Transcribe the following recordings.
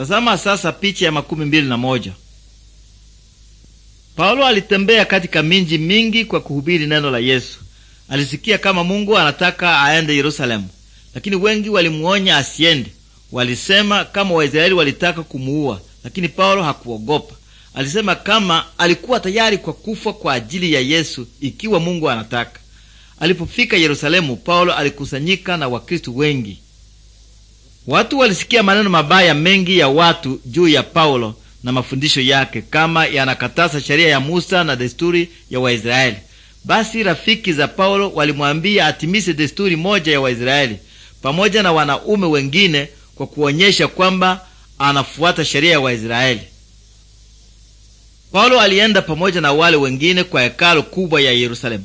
Tazama sasa picha ya makumi mbili na moja. Paulo alitembea katika minji mingi kwa kuhubiri neno la Yesu. Alisikia kama Mungu anataka aende Yerusalemu, lakini wengi walimuonya asiende. Walisema kama Waisraeli walitaka kumuua, lakini Paulo hakuogopa. Alisema kama alikuwa tayari kwa kufa kwa ajili ya Yesu ikiwa Mungu anataka. Alipofika Yerusalemu, Paulo alikusanyika na Wakristu wengi. Watu walisikia maneno mabaya mengi ya watu juu ya Paulo na mafundisho yake kama yanakatasa sheria ya Musa na desturi ya Waisraeli. Basi rafiki za Paulo walimwambia atimise desturi moja ya Waisraeli pamoja na wanaume wengine kwa kuonyesha kwamba anafuata sheria ya Waisraeli. Paulo alienda pamoja na wale wengine kwa hekalu kubwa ya Yerusalemu,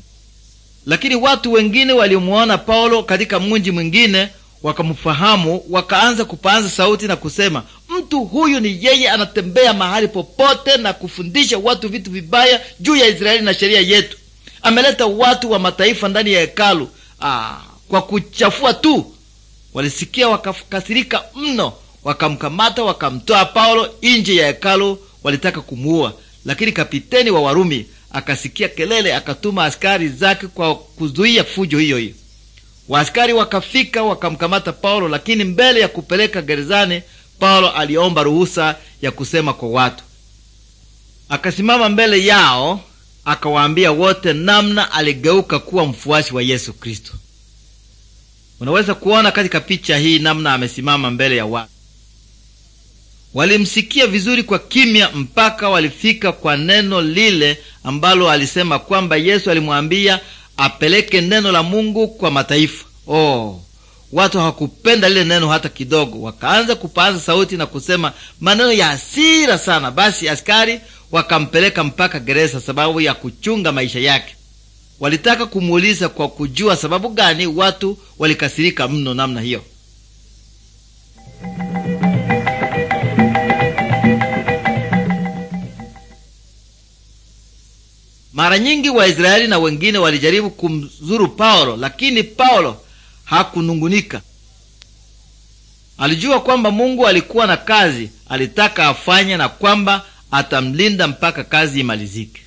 lakini watu wengine walimuona Paulo katika mji mwingine wakamfahamu, wakaanza kupaanza sauti na kusema, mtu huyu ni yeye anatembea mahali popote na kufundisha watu vitu vibaya juu ya Israeli na sheria yetu. Ameleta watu wa mataifa ndani ya hekalu ah, kwa kuchafua tu. Walisikia wakakasirika mno, wakamkamata wakamtoa Paulo nje ya hekalu, walitaka kumuua, lakini kapiteni wa Warumi akasikia kelele, akatuma askari zake kwa kuzuia fujo hiyo hiyo. Waaskari wakafika wakamkamata Paulo, lakini mbele ya kupeleka gerezani, Paulo aliomba ruhusa ya kusema kwa watu. Akasimama mbele yao akawaambia wote namna aligeuka kuwa mfuasi wa Yesu Kristo. Unaweza kuona katika picha hii namna amesimama mbele ya watu. Walimsikia vizuri kwa kimya mpaka walifika kwa neno lile ambalo alisema kwamba Yesu alimwambia apeleke neno la Mungu kwa mataifa. Oh, watu hawakupenda lile neno hata kidogo, wakaanza kupaza sauti na kusema maneno ya hasira sana. Basi askari wakampeleka mpaka gereza sababu ya kuchunga maisha yake. Walitaka kumuuliza kwa kujua sababu gani watu walikasirika mno namna hiyo. Mara nyingi Waisraeli na wengine walijaribu kumzuru Paulo, lakini Paulo hakunungunika. Alijua kwamba Mungu alikuwa na kazi alitaka afanye na kwamba atamlinda mpaka kazi imalizike.